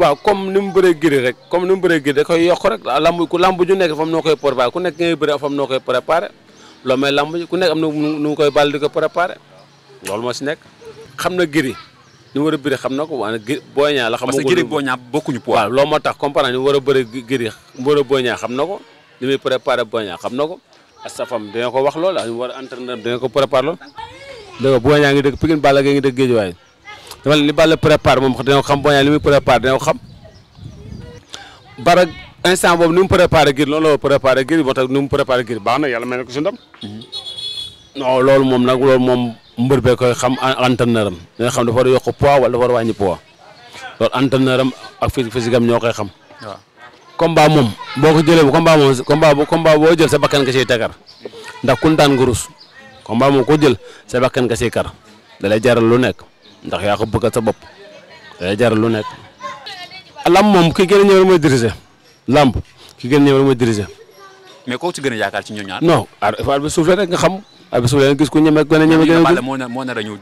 waaw comme ni mu bëree giri rek comme ni mu bëree giri da koy yokk rek lamb ku lamb ju nekk fam noo koy préparé ku nekk koy préparé loolu may lamb ku nekk am na nu mu koy bàll di ko préparé loolu moo si nekk xam na giri nu mu war a bëri xam na ko waaye giri Boy Niang la xam parce que giri Boy Niang bokkuñu poids waaw loolu moo tax comprendre ni war a bëri giri mu war a xam na ko li muy préparé Boy Niang xam na ko astafam dina ko wax loolu la ñu war a entraîneur dina ko préparé loolu dégg nga ngi dëkk Pikine Balla Gaye ngi dëkk Guédiawaye dama ne li prépare moom dañoo xam Boy Niang li muy prépare dañoo boobu ni mu préparé Gris loolu la préparé Gris mu préparé Gris baax na yàlla may na ko si ndam non loolu moom nag loolu moom mbër bee koy xam entraîneur am dina xam dafa war a yokk poids wala dafa war wàññi poids loolu entraîneur am ak physique am ñoo koy xam waaw combat moom boo ko jëlee combat moom combat combat boo jël sa bakkan nga siy tegar ndax kun daan nga rus combat moom ko jël sa bakkan nga siy kar da jaral lu nekk ndax yaa ko bëgg sa bopp day jar lu nekk. lamb moom kii gën a ñëw mooy diriger lamb ki gën a ñëw mooy diriger. mais ci gën yaakaar ci ñoom ñaar. non arbitre bi suuf rek nga xam arbitre suuf la gis ko ñeme gën a ñeme. gën a moo ne moo ne dañu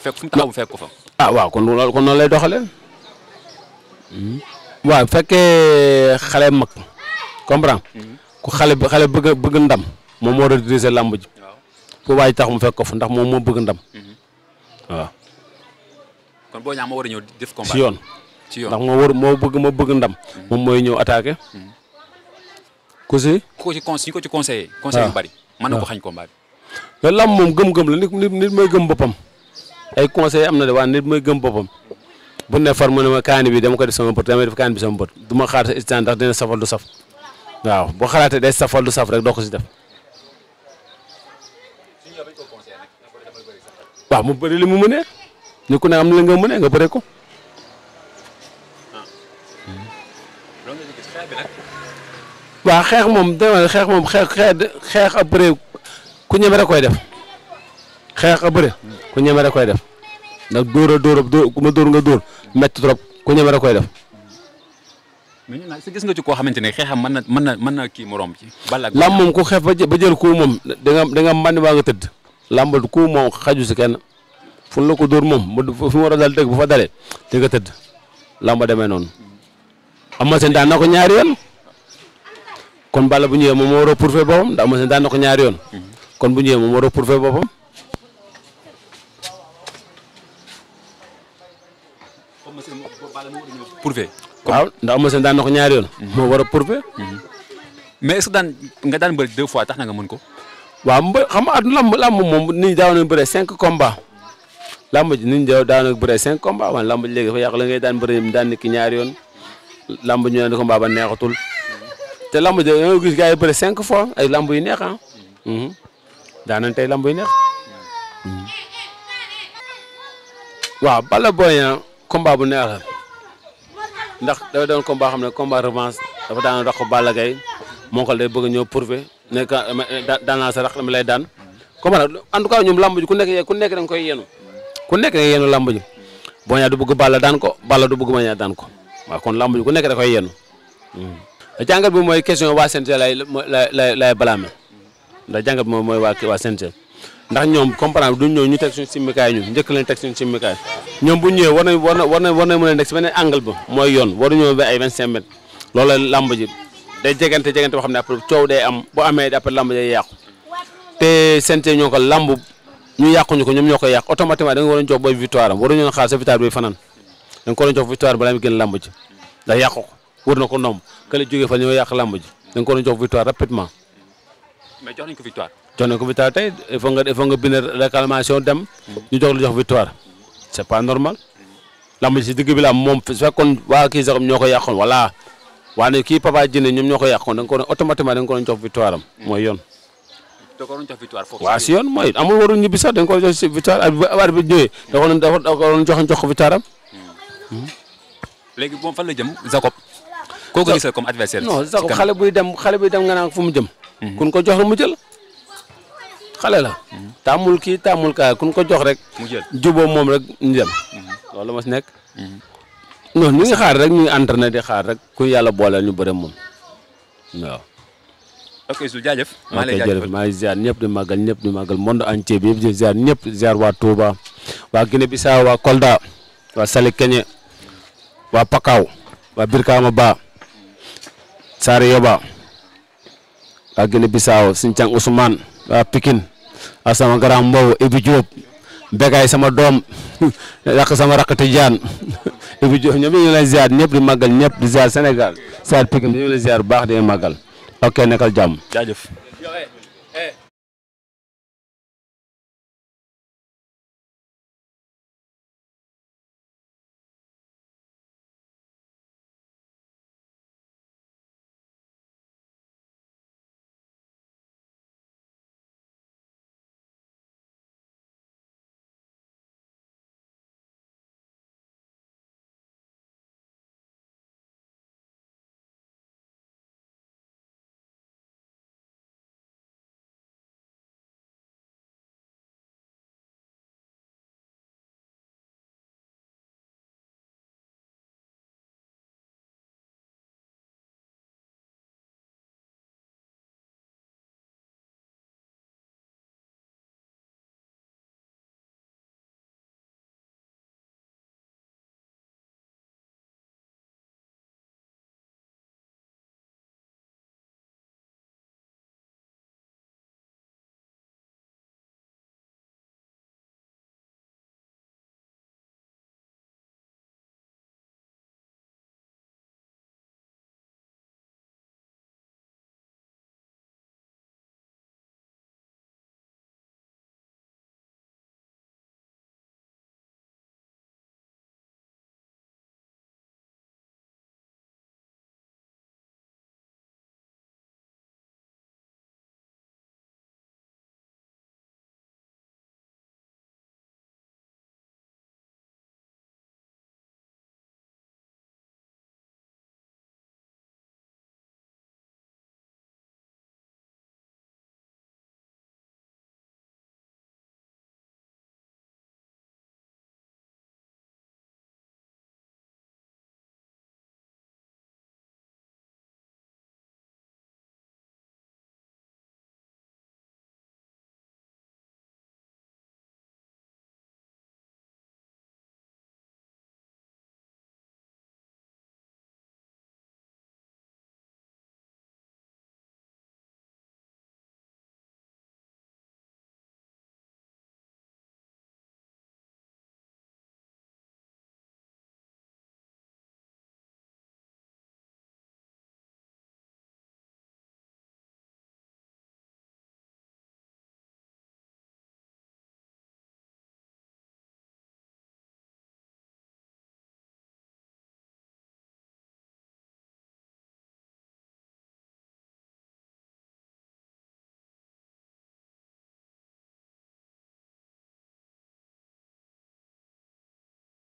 fekk fu mu taxaw fekk ko fa. ah kon loolu kon noonu lay doxalee. Hmm. waaw bu xale mag hmm. xale bëgg bëgg ndam moom moo doon diriger lamb ji. waaw fu waay tax mu fekk ko fa ndax moom moo bëgg ndam hmm. waaw. kon Boy Niang moo war a ñëw def combat ci yoon ci yoon ndax moo war moo bëgg ndam. Hmm. moom mooy ñëw attaqué. ku si. ku ko ci con ñu ko ci conseillé. conseil yu ah. bari mën na ko ah. xañ combat bi. moom gëm-gëm la nit nit nit gëm boppam. ay conseil am na de waaye nit mooy gëm boppam. bu ne far mu ne ma bi dama ko def sama bët dama def kaani bi sama bët du ma xaar sa waaw boo xalaatee day safal du saf doo ko si def. mu mënee. ñu ku ne am na la nga mënee nga bëre ko. xeex moom dama xeex moom xeex xeex ab ku ñeme rek koy def xeex ab ku ñeme rek koy def ndax dóor a dóor dóor ku ma dóor nga dóor métti trop ku ñeme rek koy def. mais ñu naan gis nga ci koo xamante ne xeexam mën na mën na mën na kii morom ci. bala lam moom ku xeex ba jël ba jël ko moom da nga da nga mën waa nga tëdd. làmb ku moom xaju si kenn. fu la ko dóor moom ba fu a dal dëgg bu fa dalee te nga tëdd lamba demee noonu Eumeu Sène daan ko ñaari yoon kon Balla bu ñëwee moom moo war a pourfait boppam ndax Eumeu Sène daan ko ñaari yoon kon bu ñëwee war a pourfait boppam. pourfait. waaw ndax Eumeu daan na ko ñaari yoon. Mhm. moo war a pourfait. Mhm. mais est daan nga daan bëri deux fois tax na nga mën ko. waaw mbë xam nga at lamb lamb moom nit ñi daaw nañu bëre cinq combats. làmb ji nit ñi daanaka bëre cinq combat man làmb ji daan bëre daan ki ñaari yoon làmb ñu ne combat ba neexatul te làmb ji da nga gis gars cinq fois ay làmb yu neex ah. Mhm. daanan tey làmb yu neex. Mhm. waaw Balla Boy Niang ah, combat bu neex la ndax dafa doon combat xam ne combat revanche dafa daan rax Balla Gaye moo ko day ñëw prouver ne daan naa sa rax dama lay daan. combat ku nekk ku nekk da koy yenu ku nekk day yenu làmb ji Boy Niang du bëgg Balla daan ko Balla du bëgg Boy Niang daan ko waaw kon làmb ji ku nekk da koy yenu hmm. jàngat bi mooy question waa CNG lay lay lay lay balaame ndax jàngat bi mooy waa waa CNG ndax ñoom comprendre duñ ñëw ñu teg suñu simmikaay ñun njëkk lañ teg suñu simmikaay ñoom bu ñëwee war nañ war na war war nañ mën a nekk si beneen angle ba mooy yoon waruñoo ba ay 25 mètres loolu la làmb ji day jegante jegante boo xam ne après coow day am bu amee après làmb ji day yàqu te CNG ñoo ko ñu yàquñu ko ñoom ñoo koy yàq automatiquement da nga waroon jox booy victoire am waruñu ko waroon jox victoire ko wër na ko ndomb kële jógee fa ñoo yàq làmb ji da ko waroon jox victoire rapidement. mais jox nañ ko victoire. jox nañ ko victoire tey il faut nga il faut nga bind réclamation dem. ñu jox jox victoire c'est pas normal. làmb digg bi la moom su kon waa kii sax ñoo ko yàqoon voilà waa ne kii Papa Djiné ñoom ñoo ko yàqoon da nga ko automatiquement da nga ko waroon jox victoire am mooy yoon da ko waroon jox si yoon mooy amul waroon ñibbi sax dañ ko jox si victoire ak ba bi ñëwee. da ko doon jox jox ko victoire am. Hmm. fan la jëm Jacob. koo ko gisal comme adversaire non xale buy dem xale buy dem nga naan fu mu jëm. Hmm. kun ko jox rek mu jël. la. Hmm. taamul kii taamul kaa ko jox rek. mu jël jubóo moom rek ñu dem. loolu ma si nekk. non ñu xaar rek ñu ngi entraîné di xaar rek ku yàlla booleel ñu bëre moom waaw. ok su jaajëf maa lay jaajëf maa ngi ziar ñëpp di màggal ñëpp di màggal monde entier bi yëpp di ziar ñëpp ziar waa Touba waa Guinée Bissau waa Kolda waa Salikeñe waa Pakaw waa Birkama Ba Saare Yoba waa Guinée Bissau Sinthiang Ousmane waa Pikine waa sama grand mbow Ibi Diop sama doom yàq sama rakk Tidiane Ibi Diop ñoom ñu ngi lay ziar ñëpp di màggal ñëpp di ziar Sénégal ziar Pikine ñu ngi lay ziar baax di màggal ok nekkal jàmm jaajëf